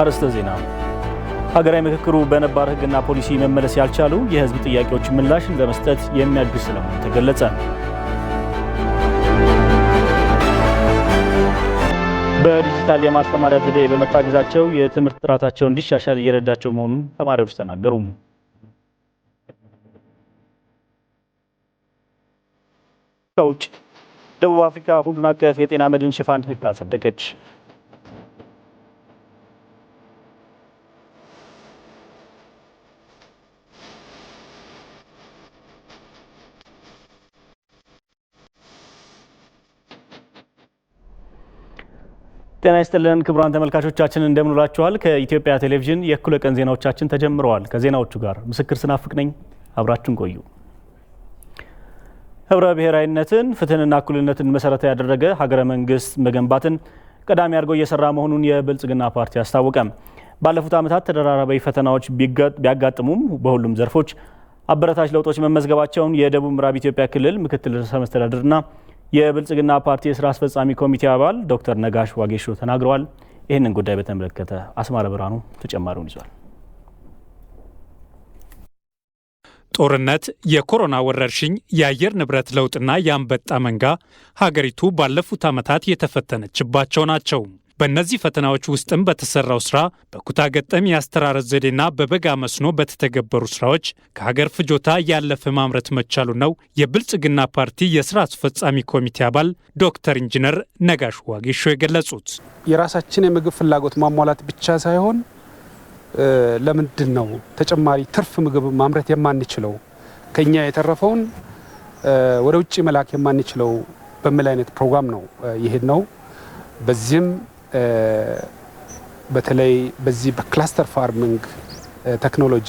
አርዕስተ ዜና። ሀገራዊ ምክክሩ በነባር ህግና ፖሊሲ መመለስ ያልቻሉ የህዝብ ጥያቄዎች ምላሽን ለመስጠት የሚያግዝ ስለመሆኑ ተገለጸ። በዲጂታል የማስተማሪያ ዘዴ በመጣ የትምህርት ጥራታቸው እንዲሻሻል እየረዳቸው መሆኑን ተማሪዎች ተናገሩ። ከውጭ ደቡብ አፍሪካ ሁሉን አቀፍ የጤና መድን ሽፋን ህግ አጸደቀች። ጤና ይስጥልን ክቡራን ተመልካቾቻችን እንደምንላችኋል። ከኢትዮጵያ ቴሌቪዥን የእኩለ ቀን ዜናዎቻችን ተጀምረዋል። ከዜናዎቹ ጋር ምስክር ስናፍቅ ነኝ፣ አብራችን ቆዩ። ህብረ ብሔራዊነትን ፍትህንና እኩልነትን መሰረተ ያደረገ ሀገረ መንግስት መገንባትን ቀዳሚ አድርጎ እየሰራ መሆኑን የብልጽግና ፓርቲ አስታወቀ። ባለፉት ዓመታት ተደራራቢ ፈተናዎች ቢያጋጥሙም በሁሉም ዘርፎች አበረታች ለውጦች መመዝገባቸውን የደቡብ ምዕራብ ኢትዮጵያ ክልል ምክትል ርዕሰ መስተዳድርና የብልጽግና ፓርቲ የስራ አስፈጻሚ ኮሚቴ አባል ዶክተር ነጋሽ ዋጌሾ ተናግረዋል። ይህንን ጉዳይ በተመለከተ አስማረ ብርሃኑ ተጨማሪውን ይዟል። ጦርነት፣ የኮሮና ወረርሽኝ፣ የአየር ንብረት ለውጥና የአንበጣ መንጋ ሀገሪቱ ባለፉት ዓመታት የተፈተነችባቸው ናቸው። በእነዚህ ፈተናዎች ውስጥም በተሰራው ስራ በኩታ ገጠም የአስተራረስ ዘዴና በበጋ መስኖ በተተገበሩ ስራዎች ከሀገር ፍጆታ ያለፈ ማምረት መቻሉ ነው የብልጽግና ፓርቲ የስራ አስፈጻሚ ኮሚቴ አባል ዶክተር ኢንጂነር ነጋሽ ዋጌሾ የገለጹት። የራሳችን የምግብ ፍላጎት ማሟላት ብቻ ሳይሆን ለምንድን ነው ተጨማሪ ትርፍ ምግብ ማምረት የማንችለው ከኛ የተረፈውን ወደ ውጭ መላክ የማንችለው በምል አይነት ፕሮግራም ነው ይሄድ ነው። በዚህም በተለይ በዚህ በክላስተር ፋርሚንግ ቴክኖሎጂ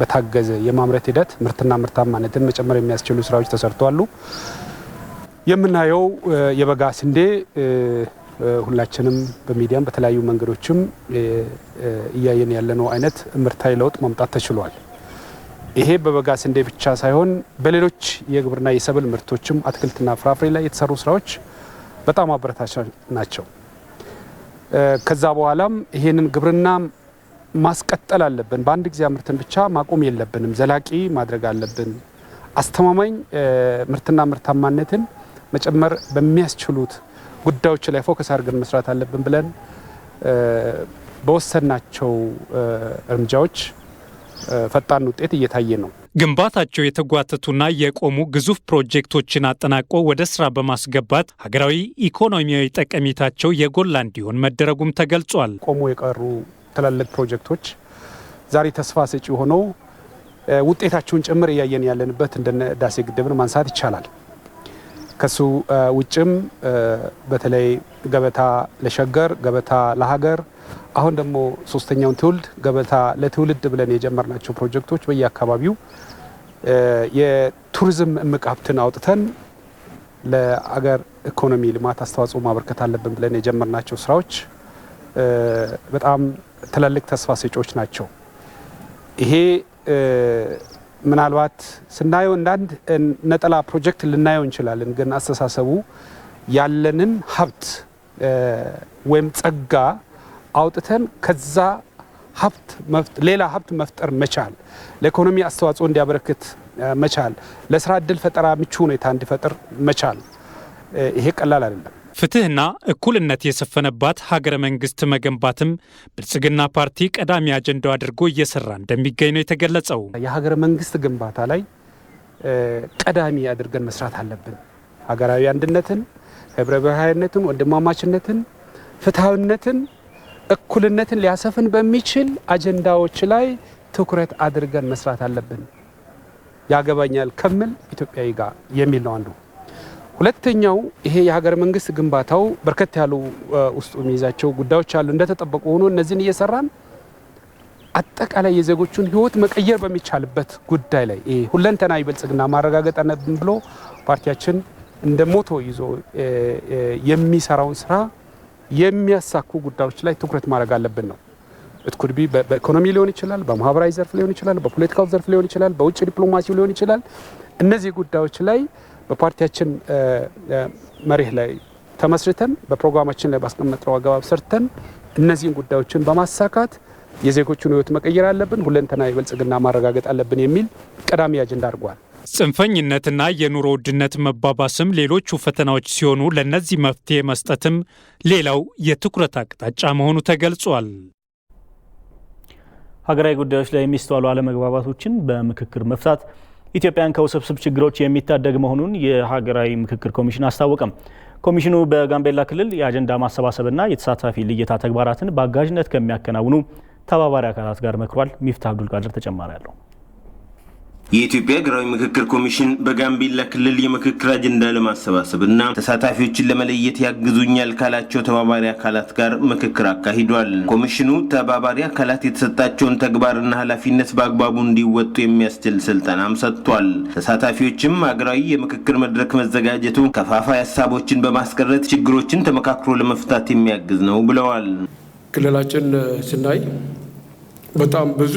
በታገዘ የማምረት ሂደት ምርትና ምርታማነትን መጨመር የሚያስችሉ ስራዎች ተሰርተዋል። የምናየው የበጋ ስንዴ ሁላችንም በሚዲያም በተለያዩ መንገዶችም እያየን ያለነው አይነት ምርታዊ ለውጥ ማምጣት ተችሏል። ይሄ በበጋ ስንዴ ብቻ ሳይሆን በሌሎች የግብርና የሰብል ምርቶችም አትክልትና ፍራፍሬ ላይ የተሰሩ ስራዎች በጣም አበረታች ናቸው። ከዛ በኋላም ይሄንን ግብርና ማስቀጠል አለብን። በአንድ ጊዜ ምርትን ብቻ ማቆም የለብንም፣ ዘላቂ ማድረግ አለብን። አስተማማኝ ምርትና ምርታማነትን መጨመር በሚያስችሉት ጉዳዮች ላይ ፎከስ አድርገን መስራት አለብን ብለን በወሰናቸው እርምጃዎች ፈጣን ውጤት እየታየ ነው። ግንባታቸው የተጓተቱና የቆሙ ግዙፍ ፕሮጀክቶችን አጠናቆ ወደ ስራ በማስገባት ሀገራዊ ኢኮኖሚያዊ ጠቀሜታቸው የጎላ እንዲሆን መደረጉም ተገልጿል። ቆሙ የቀሩ ትላልቅ ፕሮጀክቶች ዛሬ ተስፋ ሰጪ ሆነው ውጤታቸውን ጭምር እያየን ያለንበት እንደነ ህዳሴ ግድብን ማንሳት ይቻላል። ከሱ ውጭም በተለይ ገበታ ለሸገር፣ ገበታ ለሀገር አሁን ደግሞ ሶስተኛውን ትውልድ ገበታ ለትውልድ ብለን የጀመርናቸው ፕሮጀክቶች በየአካባቢው የቱሪዝም እምቅ ሀብትን አውጥተን ለአገር ኢኮኖሚ ልማት አስተዋጽኦ ማበርከት አለብን ብለን የጀመርናቸው ስራዎች በጣም ትላልቅ ተስፋ ሰጪዎች ናቸው። ይሄ ምናልባት ስናየው እንዳንድ ነጠላ ፕሮጀክት ልናየው እንችላለን። ግን አስተሳሰቡ ያለንን ሀብት ወይም ጸጋ አውጥተን ከዛ ሀብት ሌላ ሀብት መፍጠር መቻል፣ ለኢኮኖሚ አስተዋጽኦ እንዲያበረክት መቻል፣ ለስራ እድል ፈጠራ ምቹ ሁኔታ እንዲፈጥር መቻል፣ ይሄ ቀላል አይደለም። ፍትህና እኩልነት የሰፈነባት ሀገረ መንግስት መገንባትም ብልጽግና ፓርቲ ቀዳሚ አጀንዳው አድርጎ እየሰራ እንደሚገኝ ነው የተገለጸው። የሀገረ መንግስት ግንባታ ላይ ቀዳሚ አድርገን መስራት አለብን። ሀገራዊ አንድነትን፣ ህብረ ብሔራዊነትን፣ ወንድማማችነትን፣ ፍትሐዊነትን እኩልነትን ሊያሰፍን በሚችል አጀንዳዎች ላይ ትኩረት አድርገን መስራት አለብን። ያገባኛል ከምል ኢትዮጵያዊ ጋር የሚል ነው አንዱ። ሁለተኛው ይሄ የሀገር መንግስት ግንባታው በርከት ያሉ ውስጡ የሚይዛቸው ጉዳዮች አሉ። እንደተጠበቁ ሆኖ እነዚህን እየሰራን አጠቃላይ የዜጎቹን ህይወት መቀየር በሚቻልበት ጉዳይ ላይ ሁለንተናዊ ብልጽግና ማረጋገጥ አለብን ብሎ ፓርቲያችን እንደ ሞቶ ይዞ የሚሰራውን ስራ የሚያሳኩ ጉዳዮች ላይ ትኩረት ማድረግ አለብን ነው እትኩድቢ በኢኮኖሚ ሊሆን ይችላል፣ በማህበራዊ ዘርፍ ሊሆን ይችላል፣ በፖለቲካው ዘርፍ ሊሆን ይችላል፣ በውጭ ዲፕሎማሲው ሊሆን ይችላል። እነዚህ ጉዳዮች ላይ በፓርቲያችን መሪህ ላይ ተመስርተን በፕሮግራማችን ላይ ባስቀመጥነው አገባብ ሰርተን እነዚህን ጉዳዮችን በማሳካት የዜጎቹን ህይወት መቀየር አለብን፣ ሁለንተና ብልጽግና ማረጋገጥ አለብን የሚል ቀዳሚ አጀንዳ አድርጓል። ጽንፈኝነትና የኑሮ ውድነት መባባስም ሌሎቹ ፈተናዎች ሲሆኑ ለእነዚህ መፍትሄ መስጠትም ሌላው የትኩረት አቅጣጫ መሆኑ ተገልጿል። ሀገራዊ ጉዳዮች ላይ የሚስተዋሉ አለመግባባቶችን በምክክር መፍታት ኢትዮጵያን ከውስብስብ ችግሮች የሚታደግ መሆኑን የሀገራዊ ምክክር ኮሚሽን አስታወቀም። ኮሚሽኑ በጋምቤላ ክልል የአጀንዳ ማሰባሰብና የተሳታፊ ልየታ ተግባራትን በአጋዥነት ከሚያከናውኑ ተባባሪ አካላት ጋር መክሯል። ሚፍታ አብዱልቃድር ተጨማሪ አለው። የኢትዮጵያ ሀገራዊ ምክክር ኮሚሽን በጋምቤላ ክልል የምክክር አጀንዳ ለማሰባሰብ እና ተሳታፊዎችን ለመለየት ያግዙኛል ካላቸው ተባባሪ አካላት ጋር ምክክር አካሂዷል። ኮሚሽኑ ተባባሪ አካላት የተሰጣቸውን ተግባርና ኃላፊነት በአግባቡ እንዲወጡ የሚያስችል ስልጠናም ሰጥቷል። ተሳታፊዎችም ሀገራዊ የምክክር መድረክ መዘጋጀቱ ከፋፋይ ሀሳቦችን በማስቀረት ችግሮችን ተመካክሮ ለመፍታት የሚያግዝ ነው ብለዋል። ክልላችን ስናይ በጣም ብዙ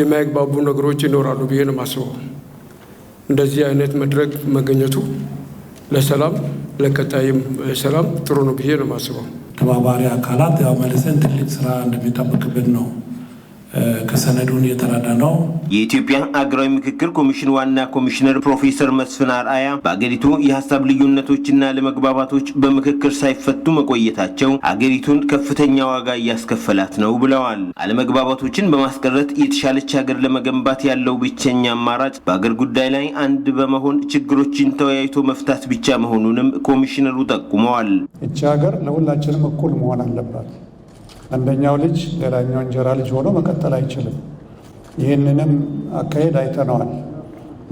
የማይግባቡ ነገሮች ይኖራሉ ብዬ ነው የማስበው። እንደዚህ አይነት መድረክ መገኘቱ ለሰላም ለቀጣይም ሰላም ጥሩ ነው ብዬ ነው የማስበው። ተባባሪ አካላት ያው መልሰን ትልቅ ስራ እንደሚጠብቅብን ነው ከሰነዱን የተረዳ ነው። የኢትዮጵያ አገራዊ ምክክር ኮሚሽን ዋና ኮሚሽነር ፕሮፌሰር መስፍን አርአያ በአገሪቱ የሀሳብ ልዩነቶችና ለመግባባቶች በምክክር ሳይፈቱ መቆየታቸው አገሪቱን ከፍተኛ ዋጋ እያስከፈላት ነው ብለዋል። አለመግባባቶችን በማስቀረት የተሻለች ሀገር ለመገንባት ያለው ብቸኛ አማራጭ በአገር ጉዳይ ላይ አንድ በመሆን ችግሮችን ተወያይቶ መፍታት ብቻ መሆኑንም ኮሚሽነሩ ጠቁመዋል። ይቺ ሀገር ለሁላችንም እኩል መሆን አለባት። አንደኛው ልጅ ሌላኛው እንጀራ ልጅ ሆኖ መቀጠል አይችልም። ይህንንም አካሄድ አይተነዋል።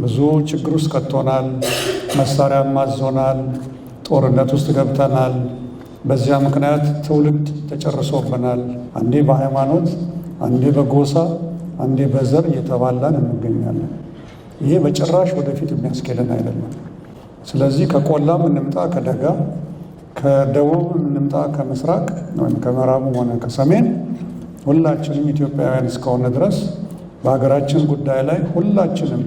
ብዙ ችግር ውስጥ ቀጥቶናል። መሳሪያ ማዞናል። ጦርነት ውስጥ ገብተናል። በዚያ ምክንያት ትውልድ ተጨርሶብናል። አንዴ በሃይማኖት፣ አንዴ በጎሳ፣ አንዴ በዘር እየተባላን እንገኛለን። ይሄ በጭራሽ ወደፊት የሚያስኬደን አይደለም። ስለዚህ ከቆላም እንምጣ ከደጋ ከደቡብ እንምጣ ከምስራቅ ወይም ከምዕራቡም ሆነ ከሰሜን ሁላችንም ኢትዮጵያውያን እስከሆነ ድረስ በሀገራችን ጉዳይ ላይ ሁላችንም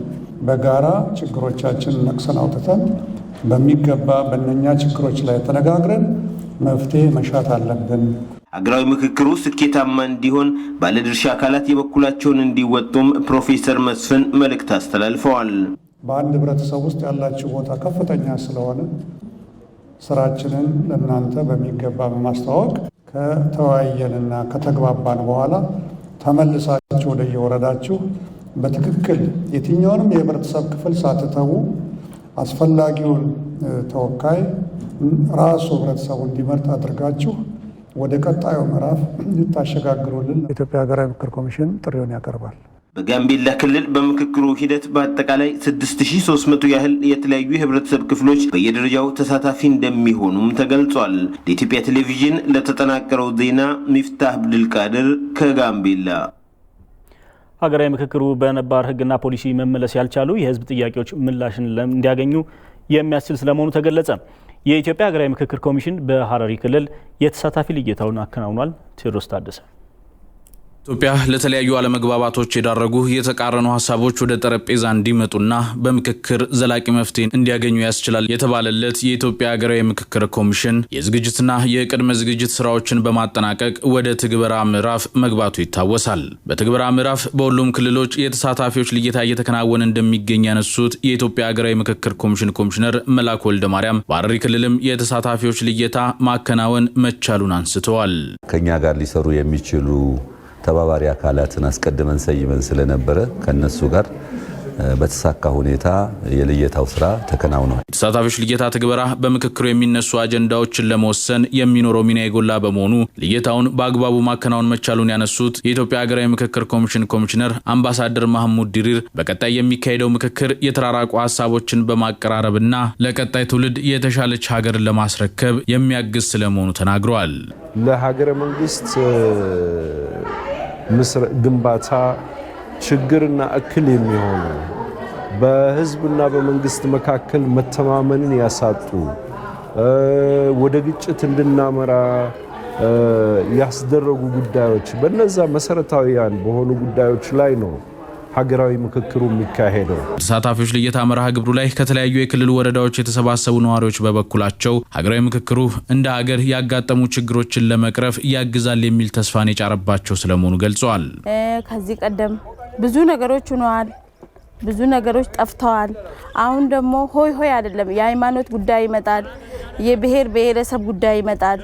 በጋራ ችግሮቻችን ነቅሰን አውጥተን በሚገባ በእነኛ ችግሮች ላይ ተነጋግረን መፍትሄ መሻት አለብን። አገራዊ ምክክሩ ስኬታማ እንዲሆን ባለድርሻ አካላት የበኩላቸውን እንዲወጡም ፕሮፌሰር መስፍን መልእክት አስተላልፈዋል። በአንድ ህብረተሰብ ውስጥ ያላችሁ ቦታ ከፍተኛ ስለሆነ ስራችንን ለእናንተ በሚገባ በማስተዋወቅ ከተወያየንና ከተግባባን በኋላ ተመልሳችሁ ወደ የወረዳችሁ በትክክል የትኛውንም የህብረተሰብ ክፍል ሳትተዉ አስፈላጊውን ተወካይ ራሱ ህብረተሰቡ እንዲመርጥ አድርጋችሁ ወደ ቀጣዩ ምዕራፍ እንድታሸጋግሩልን የኢትዮጵያ ሀገራዊ ምክር ኮሚሽን ጥሪውን ያቀርባል። በጋምቤላ ክልል በምክክሩ ሂደት በአጠቃላይ 6300 ያህል የተለያዩ የህብረተሰብ ክፍሎች በየደረጃው ተሳታፊ እንደሚሆኑም ተገልጿል። ለኢትዮጵያ ቴሌቪዥን ለተጠናቀረው ዜና ሚፍታህ አብድልቃድር ከጋምቤላ። ሀገራዊ ምክክሩ በነባር ህግና ፖሊሲ መመለስ ያልቻሉ የህዝብ ጥያቄዎች ምላሽን እንዲያገኙ የሚያስችል ስለመሆኑ ተገለጸ። የኢትዮጵያ ሀገራዊ ምክክር ኮሚሽን በሀረሪ ክልል የተሳታፊ ልየታውን አከናውኗል። ቴዎድሮስ ታደሰ ኢትዮጵያ ለተለያዩ አለመግባባቶች የዳረጉ የተቃረኑ ሀሳቦች ወደ ጠረጴዛ እንዲመጡና በምክክር ዘላቂ መፍትሄ እንዲያገኙ ያስችላል የተባለለት የኢትዮጵያ ሀገራዊ ምክክር ኮሚሽን የዝግጅትና የቅድመ ዝግጅት ስራዎችን በማጠናቀቅ ወደ ትግበራ ምዕራፍ መግባቱ ይታወሳል። በትግበራ ምዕራፍ በሁሉም ክልሎች የተሳታፊዎች ልየታ እየተከናወነ እንደሚገኝ ያነሱት የኢትዮጵያ ሀገራዊ ምክክር ኮሚሽን ኮሚሽነር መላክ ወልደ ማርያም በሐረሪ ክልልም የተሳታፊዎች ልየታ ማከናወን መቻሉን አንስተዋል። ከኛ ጋር ሊሰሩ የሚችሉ ተባባሪ አካላትን አስቀድመን ሰይመን ስለነበረ ከነሱ ጋር በተሳካ ሁኔታ የልየታው ስራ ተከናውኗል። ተሳታፊዎች ልየታ ትግበራ በምክክሩ የሚነሱ አጀንዳዎችን ለመወሰን የሚኖረው ሚና የጎላ በመሆኑ ልየታውን በአግባቡ ማከናወን መቻሉን ያነሱት የኢትዮጵያ ሀገራዊ ምክክር ኮሚሽን ኮሚሽነር አምባሳደር ማህሙድ ዲሪር በቀጣይ የሚካሄደው ምክክር የተራራቁ ሀሳቦችን በማቀራረብና ለቀጣይ ትውልድ የተሻለች ሀገርን ለማስረከብ የሚያግዝ ስለመሆኑ ተናግረዋል። ለሀገረ መንግስት ግንባታ ችግርና እክል የሚሆኑ በህዝብና በመንግስት መካከል መተማመንን ያሳጡ ወደ ግጭት እንድናመራ ያስደረጉ ጉዳዮች በነዛ መሰረታዊያን በሆኑ ጉዳዮች ላይ ነው ሀገራዊ ምክክሩ የሚካሄደው። ተሳታፊዎች ልየታ መርሃ ግብሩ ላይ ከተለያዩ የክልል ወረዳዎች የተሰባሰቡ ነዋሪዎች በበኩላቸው ሀገራዊ ምክክሩ እንደ ሀገር ያጋጠሙ ችግሮችን ለመቅረፍ ያግዛል የሚል ተስፋን የጫረባቸው ስለመሆኑ ገልጸዋል። ከዚህ ቀደም ብዙ ነገሮች ሆነዋል። ብዙ ነገሮች ጠፍተዋል። አሁን ደግሞ ሆይ ሆይ አይደለም። የሃይማኖት ጉዳይ ይመጣል። የብሔር ብሔረሰብ ጉዳይ ይመጣል።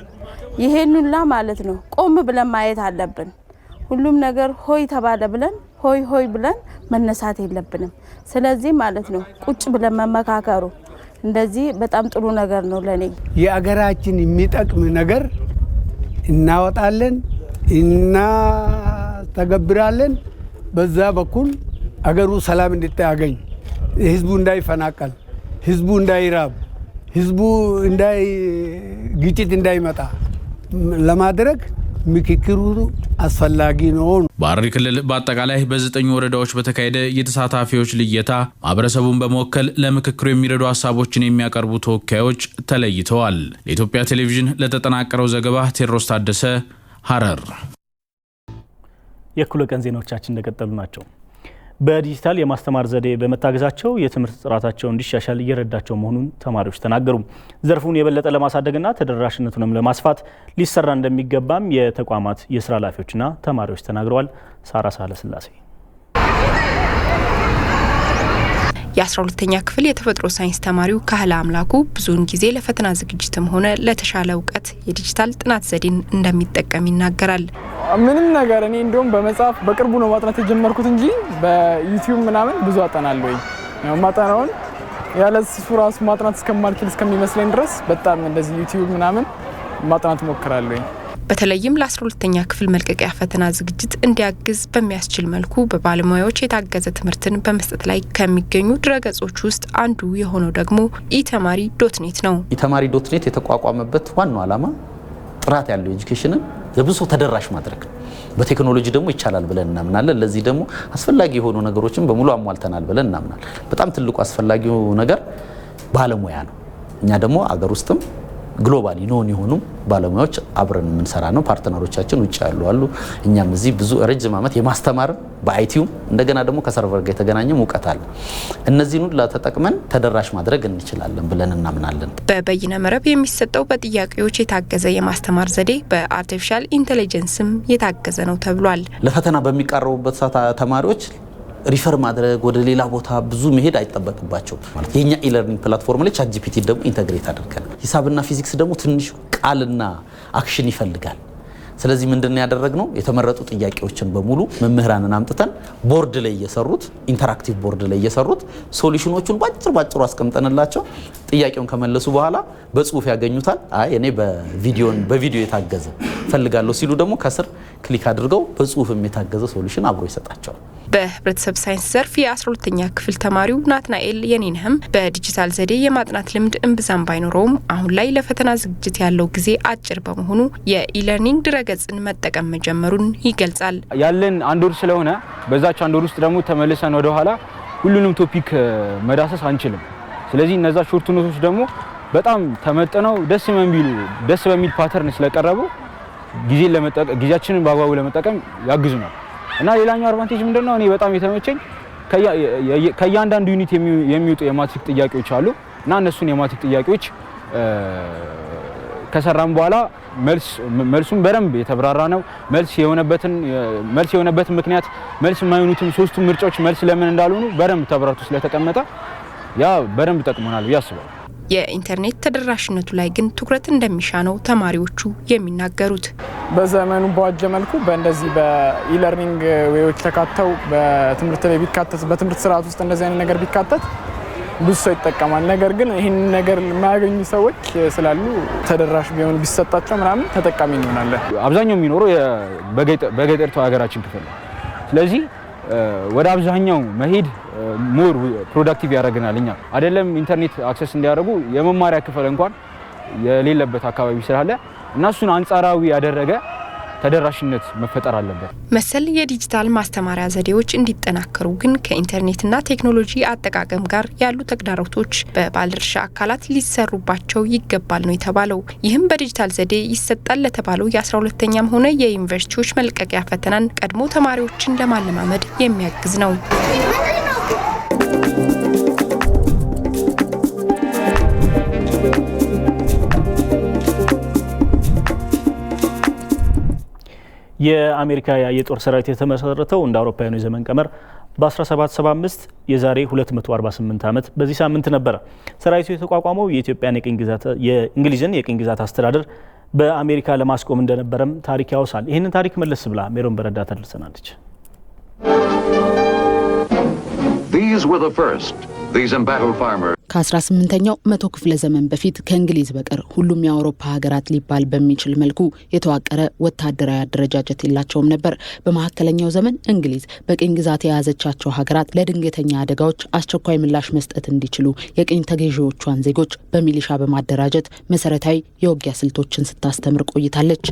ይሄን ሁላ ማለት ነው ቆም ብለን ማየት አለብን። ሁሉም ነገር ሆይ ተባለ ብለን ሆይ ሆይ ብለን መነሳት የለብንም። ስለዚህ ማለት ነው ቁጭ ብለን መመካከሩ እንደዚህ በጣም ጥሩ ነገር ነው። ለኔ የአገራችን የሚጠቅም ነገር እናወጣለን፣ እናተገብራለን። በዛ በኩል አገሩ ሰላም እንድታገኝ፣ ህዝቡ እንዳይፈናቀል፣ ህዝቡ እንዳይራብ፣ ህዝቡ ግጭት እንዳይመጣ ለማድረግ ምክክሩ አስፈላጊ ነው። በሐረሪ ክልል በአጠቃላይ በዘጠኝ ወረዳዎች በተካሄደ የተሳታፊዎች ልየታ ማህበረሰቡን በመወከል ለምክክሩ የሚረዱ ሀሳቦችን የሚያቀርቡ ተወካዮች ተለይተዋል። ለኢትዮጵያ ቴሌቪዥን ለተጠናቀረው ዘገባ ቴዎድሮስ ታደሰ ሐረር። የእኩለ ቀን ዜናዎቻችን እንደቀጠሉ ናቸው። በዲጂታል የማስተማር ዘዴ በመታገዛቸው የትምህርት ጥራታቸው እንዲሻሻል እየረዳቸው መሆኑን ተማሪዎች ተናገሩ። ዘርፉን የበለጠ ለማሳደግና ተደራሽነቱንም ለማስፋት ሊሰራ እንደሚገባም የተቋማት የስራ ኃላፊዎችና ተማሪዎች ተናግረዋል። ሳራ ሳለስላሴ የ12ተኛ ክፍል የተፈጥሮ ሳይንስ ተማሪው ካህለ አምላኩ ብዙውን ጊዜ ለፈተና ዝግጅትም ሆነ ለተሻለ እውቀት የዲጂታል ጥናት ዘዴን እንደሚጠቀም ይናገራል። ምንም ነገር እኔ እንደውም በመጽሐፍ በቅርቡ ነው ማጥናት የጀመርኩት እንጂ በዩቲዩብ ምናምን ብዙ አጠናለሁ። ማጠናውን ያለ እሱ ራሱ ማጥናት እስከማልችል እስከሚመስለኝ ድረስ በጣም እንደዚህ ዩቲዩብ ምናምን ማጥናት ሞክራለሁ። በተለይም ለ12ተኛ ክፍል መልቀቂያ ፈተና ዝግጅት እንዲያግዝ በሚያስችል መልኩ በባለሙያዎች የታገዘ ትምህርትን በመስጠት ላይ ከሚገኙ ድረገጾች ውስጥ አንዱ የሆነው ደግሞ ኢተማሪ ዶትኔት ነው። ኢተማሪ ዶትኔት የተቋቋመበት ዋናው ዓላማ ጥራት ያለው ኤጁኬሽንን ለብዙ ተደራሽ ማድረግ ነው። በቴክኖሎጂ ደግሞ ይቻላል ብለን እናምናለን። ለዚህ ደግሞ አስፈላጊ የሆኑ ነገሮችን በሙሉ አሟልተናል ብለን እናምናለን። በጣም ትልቁ አስፈላጊው ነገር ባለሙያ ነው። እኛ ደግሞ አገር ውስጥም ግሎባሊ ኖን የሆኑ ባለሙያዎች አብረን የምንሰራ ነው። ፓርትነሮቻችን ውጭ ያሉ አሉ። እኛም እዚህ ብዙ ረጅም ዓመት የማስተማር በአይቲውም እንደገና ደግሞ ከሰርቨር ጋር የተገናኘም እውቀት አለ። እነዚህን ሁሉ ተጠቅመን ተደራሽ ማድረግ እንችላለን ብለን እናምናለን። በበይነ መረብ የሚሰጠው በጥያቄዎች የታገዘ የማስተማር ዘዴ በአርቲፊሻል ኢንቴሊጀንስም የታገዘ ነው ተብሏል። ለፈተና በሚቃረቡበት ሰዓት ተማሪዎች ሪፈር ማድረግ ወደ ሌላ ቦታ ብዙ መሄድ አይጠበቅባቸው። ማለት የእኛ ኢለርኒንግ ፕላትፎርም ላይ ቻት ጂፒቲ ደግሞ ኢንተግሬት አድርገን ሂሳብና ፊዚክስ ደግሞ ትንሽ ቃልና አክሽን ይፈልጋል። ስለዚህ ምንድን ያደረግነው የተመረጡ ጥያቄዎችን በሙሉ መምህራንን አምጥተን ቦርድ ላይ እየሰሩት ኢንተራክቲቭ ቦርድ ላይ እየሰሩት ሶሉሽኖቹን ባጭር ባጭሩ አስቀምጠንላቸው ጥያቄውን ከመለሱ በኋላ በጽሁፍ ያገኙታል። አይ እኔ በቪዲዮን በቪዲዮ የታገዘ ፈልጋለሁ ሲሉ ደግሞ ከስር ክሊክ አድርገው በጽሁፍም የታገዘ ሶሉሽን አብሮ ይሰጣቸዋል። በህብረተሰብ ሳይንስ ዘርፍ የ12ተኛ ክፍል ተማሪው ናትናኤል የኔንህም በዲጂታል ዘዴ የማጥናት ልምድ እምብዛም ባይኖረውም አሁን ላይ ለፈተና ዝግጅት ያለው ጊዜ አጭር በመሆኑ የኢለርኒንግ ድረገጽን መጠቀም መጀመሩን ይገልጻል። ያለን አንድ ወር ስለሆነ በዛች አንድ ወር ውስጥ ደግሞ ተመልሰን ወደኋላ ሁሉንም ቶፒክ መዳሰስ አንችልም። ስለዚህ እነዛ ሾርት ኖቶች ደግሞ በጣም ተመጥነው ደስ በሚል ደስ በሚል ፓተርን ስለቀረቡ ለመጠቀም ጊዜያችንን በአግባቡ ለመጠቀም ያግዙናል። እና ሌላኛው አድቫንቴጅ ምንድነው እኔ በጣም የተመቸኝ ከእያንዳንዱ ዩኒት የሚወጡ የማትሪክ ጥያቄዎች አሉ እና እነሱን የማትሪክ ጥያቄዎች ከሰራም በኋላ መልሱን መልሱም በደንብ የተብራራ ነው። መልስ የሆነበትን ምክንያት መልስ የማይሆኑትም ሶስቱ ምርጫዎች መልስ ለምን እንዳልሆኑ በደንብ ተብራርቶ ስለተቀመጠ ያ በደንብ ጠቅሞናል ብዬ አስባለሁ። የኢንተርኔት ተደራሽነቱ ላይ ግን ትኩረት እንደሚሻ ነው ተማሪዎቹ የሚናገሩት። በዘመኑ በዋጀ መልኩ በእንደዚህ በኢለርኒንግ ዌዎች ተካተው በትምህርት ላይ ቢካተት በትምህርት ስርዓት ውስጥ እንደዚህ አይነት ነገር ቢካተት ብዙ ሰው ይጠቀማል። ነገር ግን ይህን ነገር የማያገኙ ሰዎች ስላሉ ተደራሽ ቢሆን ቢሰጣቸው ምናምን ተጠቃሚ እንሆናለን። አብዛኛው የሚኖረው በገጠሪቷ ሀገራችን ክፍል ነው። ስለዚህ ወደ አብዛኛው መሄድ ሞር ፕሮዳክቲቭ ያደርገናል። እኛ አይደለም ኢንተርኔት አክሰስ እንዲያደርጉ የመማሪያ ክፍል እንኳን የሌለበት አካባቢ ስላለ እና እሱን አንጻራዊ ያደረገ ተደራሽነት መፈጠር አለበት። መሰል የዲጂታል ማስተማሪያ ዘዴዎች እንዲጠናከሩ ግን ከኢንተርኔትና ቴክኖሎጂ አጠቃቀም ጋር ያሉ ተግዳሮቶች በባለድርሻ አካላት ሊሰሩባቸው ይገባል ነው የተባለው። ይህም በዲጂታል ዘዴ ይሰጣል ለተባለው የ12ተኛም ሆነ የዩኒቨርሲቲዎች መልቀቂያ ፈተናን ቀድሞ ተማሪዎችን ለማለማመድ የሚያግዝ ነው። የአሜሪካ የጦር ሰራዊት የተመሰረተው እንደ አውሮፓውያኑ የዘመን ቀመር በ1775 የዛሬ 248 ዓመት በዚህ ሳምንት ነበረ። ሰራዊቱ የተቋቋመው የኢትዮጵያን የእንግሊዝን የቅኝ ግዛት አስተዳደር በአሜሪካ ለማስቆም እንደነበረም ታሪክ ያወሳል። ይህንን ታሪክ መለስ ብላ ሜሮን በረዳ ታደርሰናለች። These were the first, these embattled farmers. ከ18ኛው መቶ ክፍለ ዘመን በፊት ከእንግሊዝ በቀር ሁሉም የአውሮፓ ሀገራት ሊባል በሚችል መልኩ የተዋቀረ ወታደራዊ አደረጃጀት የላቸውም ነበር። በመካከለኛው ዘመን እንግሊዝ በቅኝ ግዛት የያዘቻቸው ሀገራት ለድንገተኛ አደጋዎች አስቸኳይ ምላሽ መስጠት እንዲችሉ የቅኝ ተገዢዎቿን ዜጎች በሚሊሻ በማደራጀት መሰረታዊ የውጊያ ስልቶችን ስታስተምር ቆይታለች።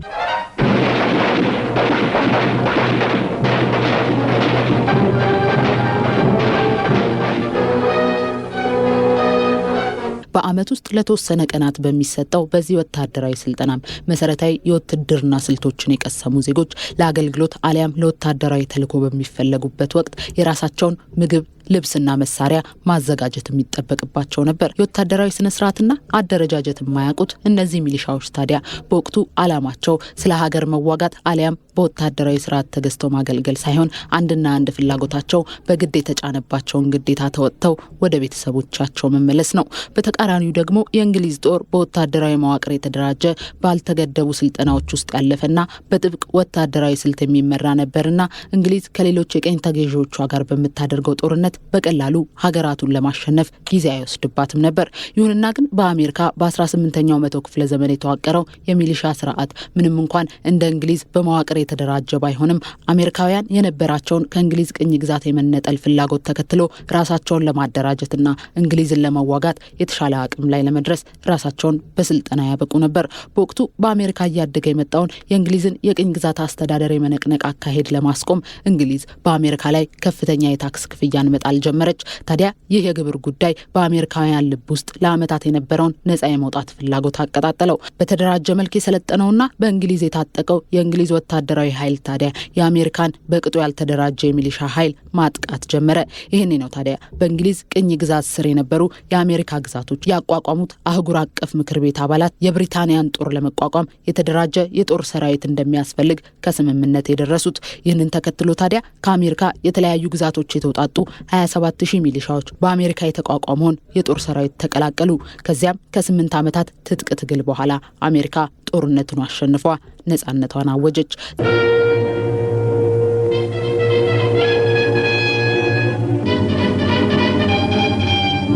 በዓመት ውስጥ ለተወሰነ ቀናት በሚሰጠው በዚህ ወታደራዊ ስልጠናም መሰረታዊ የውትድርና ስልቶችን የቀሰሙ ዜጎች ለአገልግሎት አሊያም ለወታደራዊ ተልዕኮ በሚፈለጉበት ወቅት የራሳቸውን ምግብ ልብስና መሳሪያ ማዘጋጀት የሚጠበቅባቸው ነበር። የወታደራዊ ስነስርዓትና አደረጃጀት የማያውቁት እነዚህ ሚሊሻዎች ታዲያ በወቅቱ አላማቸው ስለ ሀገር መዋጋት አሊያም በወታደራዊ ስርዓት ተገዝተው ማገልገል ሳይሆን አንድና አንድ ፍላጎታቸው በግድ የተጫነባቸውን ግዴታ ተወጥተው ወደ ቤተሰቦቻቸው መመለስ ነው። በተቃራኒው ደግሞ የእንግሊዝ ጦር በወታደራዊ መዋቅር የተደራጀ ባልተገደቡ ስልጠናዎች ውስጥ ያለፈና በጥብቅ ወታደራዊ ስልት የሚመራ ነበርና እንግሊዝ ከሌሎች የቀኝ ተገዢዎቿ ጋር በምታደርገው ጦርነት በቀላሉ ሀገራቱን ለማሸነፍ ጊዜ አይወስድባትም ነበር። ይሁንና ግን በአሜሪካ በ18ኛው መቶ ክፍለ ዘመን የተዋቀረው የሚሊሻ ስርዓት ምንም እንኳን እንደ እንግሊዝ በመዋቅር የተደራጀ ባይሆንም አሜሪካውያን የነበራቸውን ከእንግሊዝ ቅኝ ግዛት የመነጠል ፍላጎት ተከትሎ ራሳቸውን ለማደራጀትና እንግሊዝን ለመዋጋት የተሻለ አቅም ላይ ለመድረስ ራሳቸውን በስልጠና ያበቁ ነበር። በወቅቱ በአሜሪካ እያደገ የመጣውን የእንግሊዝን የቅኝ ግዛት አስተዳደር የመነቅነቅ አካሄድ ለማስቆም እንግሊዝ በአሜሪካ ላይ ከፍተኛ የታክስ ክፍያን መጣ አልጀመረች። ታዲያ ይህ የግብር ጉዳይ በአሜሪካውያን ልብ ውስጥ ለዓመታት የነበረውን ነጻ የመውጣት ፍላጎት አቀጣጠለው። በተደራጀ መልክ የሰለጠነውና በእንግሊዝ የታጠቀው የእንግሊዝ ወታደራዊ ኃይል ታዲያ የአሜሪካን በቅጡ ያልተደራጀ የሚሊሻ ኃይል ማጥቃት ጀመረ። ይህኔ ነው ታዲያ በእንግሊዝ ቅኝ ግዛት ስር የነበሩ የአሜሪካ ግዛቶች ያቋቋሙት አህጉር አቀፍ ምክር ቤት አባላት የብሪታንያን ጦር ለመቋቋም የተደራጀ የጦር ሰራዊት እንደሚያስፈልግ ከስምምነት የደረሱት። ይህንን ተከትሎ ታዲያ ከአሜሪካ የተለያዩ ግዛቶች የተውጣጡ 27000 ሚሊሻዎች በአሜሪካ የተቋቋመውን የጦር ሰራዊት ተቀላቀሉ። ከዚያም ከስምንት ዓመታት ትጥቅ ትግል በኋላ አሜሪካ ጦርነቱን አሸንፏ ነጻነቷን አወጀች።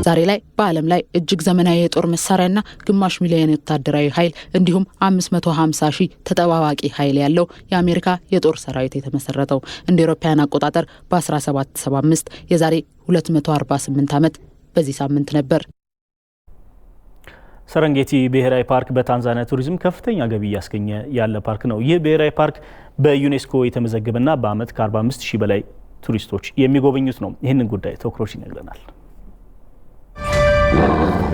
ዛሬ ላይ በዓለም ላይ እጅግ ዘመናዊ የጦር መሳሪያና ግማሽ ሚሊዮን ወታደራዊ ኃይል እንዲሁም 550 ሺህ ተጠባባቂ ኃይል ያለው የአሜሪካ የጦር ሰራዊት የተመሰረተው እንደ አውሮፓውያን አቆጣጠር በ1775 የዛሬ 248 ዓመት በዚህ ሳምንት ነበር። ሰረንጌቲ ብሔራዊ ፓርክ በታንዛኒያ ቱሪዝም ከፍተኛ ገቢ እያስገኘ ያለ ፓርክ ነው። ይህ ብሔራዊ ፓርክ በዩኔስኮ የተመዘገበና በዓመት ከ45 ሺህ በላይ ቱሪስቶች የሚጎበኙት ነው። ይህንን ጉዳይ ተኩሮች ይነግረናል። Música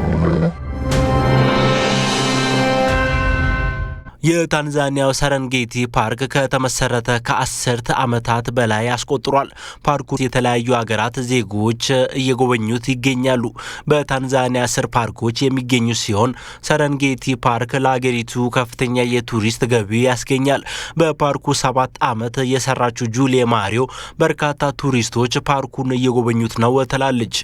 የታንዛኒያው ሰረንጌቲ ፓርክ ከተመሰረተ ከአስርት ዓመታት በላይ አስቆጥሯል። ፓርኩ የተለያዩ ሀገራት ዜጎች እየጎበኙት ይገኛሉ። በታንዛኒያ ስር ፓርኮች የሚገኙ ሲሆን ሰረንጌቲ ፓርክ ለአገሪቱ ከፍተኛ የቱሪስት ገቢ ያስገኛል። በፓርኩ ሰባት ዓመት የሰራችው ጁሌ ማሪዮ በርካታ ቱሪስቶች ፓርኩን እየጎበኙት ነው ትላለች።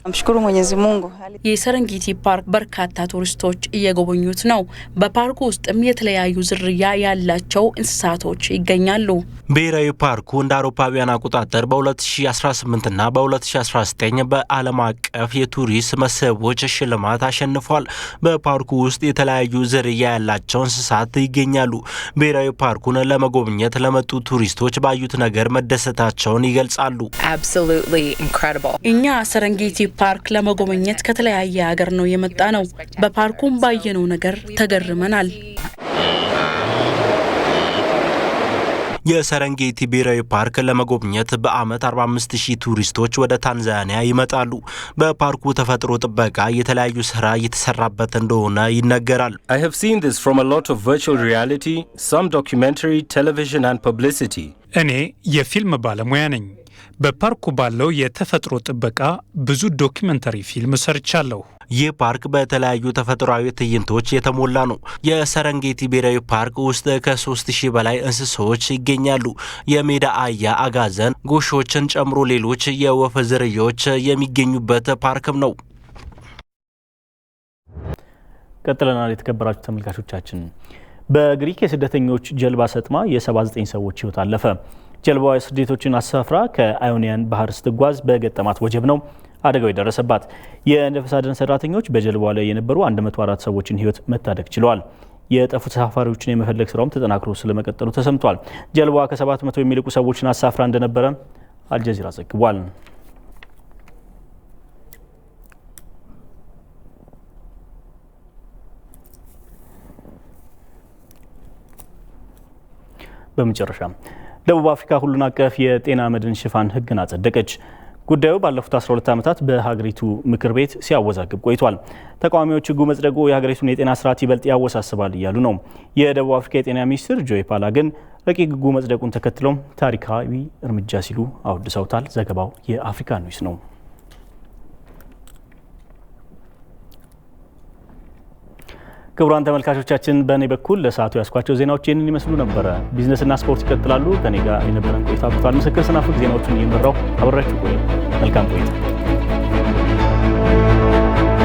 የሰረንጌቲ ፓርክ በርካታ ቱሪስቶች እየጎበኙት ነው። በፓርኩ ውስጥም የተለያዩ ዝር ዝርያ ያላቸው እንስሳቶች ይገኛሉ። ብሔራዊ ፓርኩ እንደ አውሮፓውያን አቆጣጠር በ2018 እና በ2019 በዓለም አቀፍ የቱሪስት መስህቦች ሽልማት አሸንፏል። በፓርኩ ውስጥ የተለያዩ ዝርያ ያላቸው እንስሳት ይገኛሉ። ብሔራዊ ፓርኩን ለመጎብኘት ለመጡ ቱሪስቶች ባዩት ነገር መደሰታቸውን ይገልጻሉ። እኛ ሰረንጌቲ ፓርክ ለመጎብኘት ከተለያየ ሀገር ነው የመጣ ነው። በፓርኩም ባየነው ነገር ተገርመናል። የሰረንጌቲ ብሔራዊ ፓርክ ለመጎብኘት በዓመት 45 ሺህ ቱሪስቶች ወደ ታንዛኒያ ይመጣሉ። በፓርኩ ተፈጥሮ ጥበቃ የተለያዩ ስራ እየተሰራበት እንደሆነ ይነገራል። I have seen this from a lot of virtual reality, some documentary, television and publicity. እኔ የፊልም ባለሙያ ነኝ። በፓርኩ ባለው የተፈጥሮ ጥበቃ ብዙ ዶኪመንተሪ ፊልም ሰርቻለሁ። ይህ ፓርክ በተለያዩ ተፈጥሯዊ ትዕይንቶች የተሞላ ነው። የሰረንጌቲ ብሔራዊ ፓርክ ውስጥ ከሶስት ሺህ በላይ እንስሳዎች ይገኛሉ። የሜዳ አያ አጋዘን፣ ጎሾችን ጨምሮ ሌሎች የወፍ ዝርያዎች የሚገኙበት ፓርክም ነው። ቀጥለናል። የተከበራችሁ ተመልካቾቻችን በግሪክ የስደተኞች ጀልባ ሰጥማ የ79 ሰዎች ህይወት አለፈ። ጀልባዋ ስደተኞችን አሳፍራ ከአዮኒያን ባህር ስትጓዝ በገጠማት ወጀብ ነው አደጋው የደረሰባት። የነፍስ አድን ሰራተኞች በጀልባዋ ላይ የነበሩ 104 ሰዎችን ህይወት መታደግ ችለዋል። የጠፉ ተሳፋሪዎችን የመፈለግ ስራውም ተጠናክሮ ስለመቀጠሉ ተሰምቷል። ጀልባዋ ከ700 የሚልቁ ሰዎችን አሳፍራ እንደነበረ አልጀዚራ ዘግቧል። በመጨረሻ ደቡብ አፍሪካ ሁሉን አቀፍ የጤና መድን ሽፋን ህግን አጸደቀች። ጉዳዩ ባለፉት 12 ዓመታት በሀገሪቱ ምክር ቤት ሲያወዛግብ ቆይቷል። ተቃዋሚዎች ህጉ መጽደቁ የሀገሪቱን የጤና ስርዓት ይበልጥ ያወሳስባል እያሉ ነው። የደቡብ አፍሪካ የጤና ሚኒስትር ጆይ ፓላ ግን ረቂቅ ህጉ መጽደቁን ተከትሎም ታሪካዊ እርምጃ ሲሉ አወድሰውታል። ዘገባው የአፍሪካ ኒውስ ነው። ክቡራን ተመልካቾቻችን በእኔ በኩል ለሰዓቱ ያስኳቸው ዜናዎች ይህንን ይመስሉ ነበረ። ቢዝነስና ስፖርት ይቀጥላሉ። ከኔ ጋር የነበረን ቆይታ ብቷል። ምስክር ስናፍቅ ዜናዎቹን እየመራው አብራችሁ ቆይ። መልካም ቆይታ